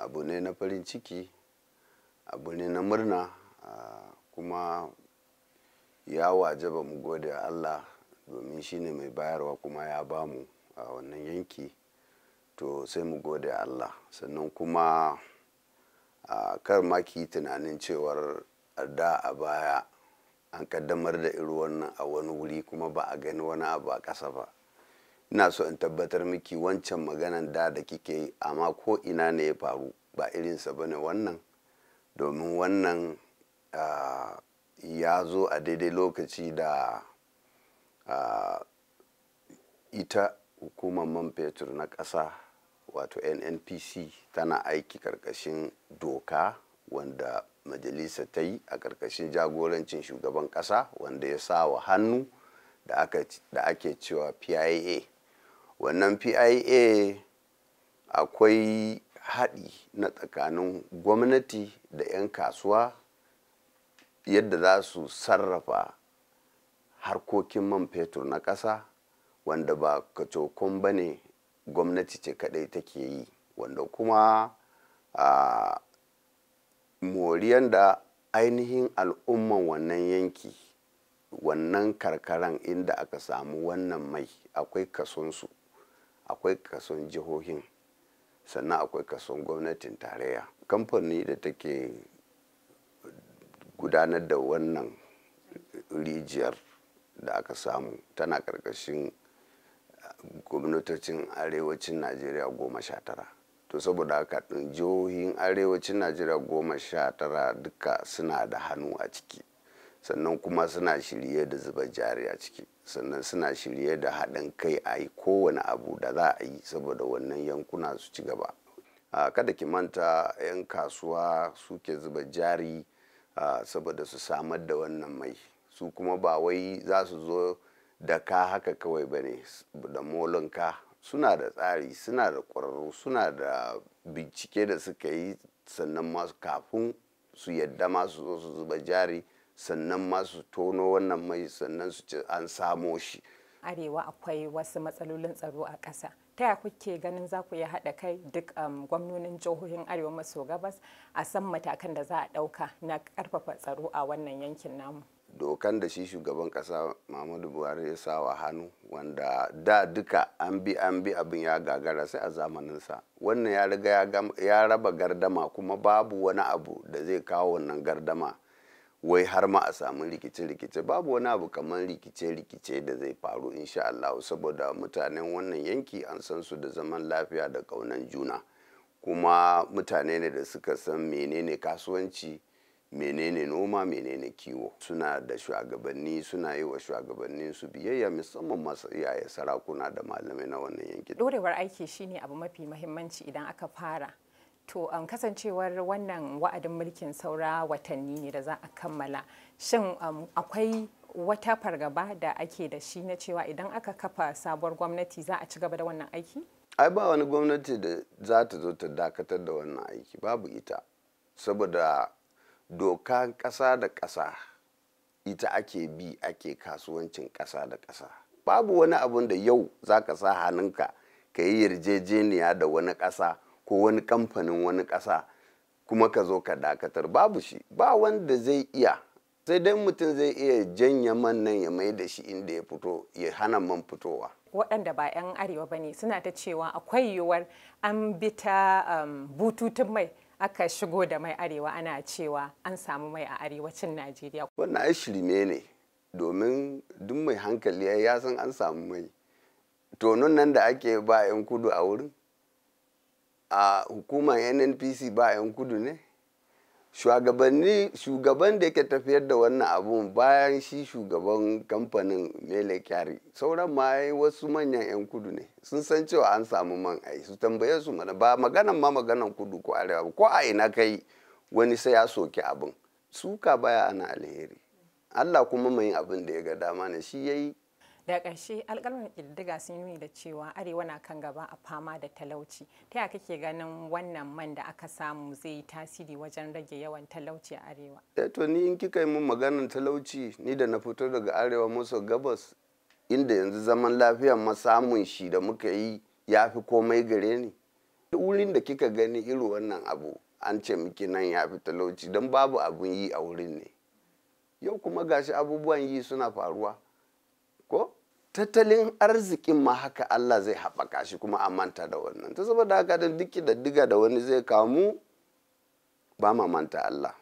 abu ne na farin ciki abu ne na murna kuma ya wajaba mu gode allah domin shine mai bayarwa kuma ya bamu a wannan yanki to sai mu gode allah sannan kuma a kar maki tunanin cewar da a baya an kaddamar da irin wannan a wani wuri kuma ba a gani wani abu a ƙasa ba ina so in tabbatar miki wancan maganan da da kike yi amma ko ina ne ya faru ba irinsa bane wannan domin wannan ya zo a daidai lokaci da ita hukumar man fetur na ƙasa wato nnpc tana aiki karkashin doka wanda majalisa ta yi a karkashin jagorancin shugaban ƙasa wanda ya sa wa hannu da ake cewa pia wannan pia akwai haɗi na tsakanin gwamnati da 'yan kasuwa yadda za su sarrafa harkokin man fetur na ƙasa wanda ba kacokon ba ne gwamnati ce kaɗai take yi wanda kuma a moriyan da ainihin al'umman wannan yanki wannan karkaran inda aka samu wannan mai akwai kasonsu akwai kason jihohin sannan akwai kason gwamnatin tarayya kamfani da take gudanar da wannan rijiyar da aka samu tana karkashin eh, gwamnatocin arewacin najeriya goma sha tara to saboda haka jihohin arewacin najeriya goma sha tara duka suna da hannu a ciki sannan kuma suna shirye da zuba jari a ciki sannan suna shirye da haɗin kai a yi kowane abu da za a yi saboda wannan yankuna su ci gaba kada ki manta 'yan kasuwa suke zuba jari saboda su samar da wannan mai su kuma ba wai za su zo da ka haka kawai ba ne da molinka suna da tsari suna da ƙwararru suna da bincike da suka yi sannan masu kafin su yadda masu zo su zuba jari sannan masu tono wannan mai sannan su ce an samo shi arewa akwai wasu matsalolin tsaro a ƙasa ta ya kuke ganin za ku yi haɗa kai duk um, gwamnonin jihohin arewa maso gabas a san matakan da za a ɗauka na ƙarfafa tsaro a wannan yankin namu dokan da shi shugaban ƙasa muhammadu buhari ya sa wa hannu wanda da duka an bi an bi abin ya gagara sai a zamaninsa wannan ya riga ya raba gardama kuma babu wani abu da zai kawo wannan gardama wai har ma a samu rikice-rikice babu wani abu kamar rikice-rikice da zai faru insha Allah saboda mutanen wannan yanki an san su da zaman lafiya da ƙaunan juna kuma mutane ne da suka san menene kasuwanci menene noma menene kiwo suna da shugabanni suna yi wa shugabannin su biyayya musamman masu iyaye sarakuna da malamai na wannan yankin dorewar aiki shine abu mafi mahimmanci idan aka fara To um, kasancewar wannan wa'adin mulkin saura watanni ne da za a kammala. Shin um, akwai wata fargaba da ake da shi na cewa idan aka kafa sabuwar gwamnati za a ci gaba da wannan aiki? Ai ba wani gwamnati da za ta zo ta dakatar da wannan aiki babu ita. Saboda doka ƙasa da ƙasa ita ake bi ake kasuwancin ƙasa da ƙasa. Babu wani abun da yau za ka sa hannunka ka yi yarjejeniya da wani ƙasa. ko wani kamfanin wani ƙasa kuma ka zo ka dakatar babu shi ba wanda zai iya sai dai mutum zai iya janya man nan ya mai da shi inda ya fito ya hana man fitowa waɗanda ba 'yan arewa ba ne suna ta cewa akwai yiwuwar an bi ta um, bututun mai aka shigo da mai arewa ana cewa an samu mai a arewacin najeriya wannan ai shirme ne domin duk mai hankali ya san an samu mai tonon nan da ake ba 'yan kudu a wurin a hukumar nnpc ba 'yan kudu ne shugabanni shugaban da yake tafiyar da wannan abun bayan shi shugaban kamfanin mele kyari sauran ma wasu manyan 'yan kudu ne sun san cewa an samu man ai su tambaye su mana ba maganan ma maganan kudu ko arewa ko a ina kai wani sai ya soki abin suka baya ana alheri allah kuma mai abin da ya ga dama ne shi yayi da ƙarshe alƙalman ƙididdiga sun yi da cewa arewa na kan gaba a fama da talauci ta ya kake ganin wannan man da aka samu zai yi tasiri wajen rage yawan talauci a arewa eh to ni in kika yi min maganar talauci ni da na fito daga arewa maso gabas inda yanzu zaman lafiya ma samun shi da muka yi ya fi komai gare ni wurin da kika gani irin wannan abu an ce miki nan ya fi talauci don babu abun yi a wurin ne yau kuma gashi abubuwan yi suna faruwa ko tattalin arzikin ma haka Allah zai haɓaka shi kuma a manta da wannan ta saboda haka da duk da diga da wani zai kamu ba ma manta Allah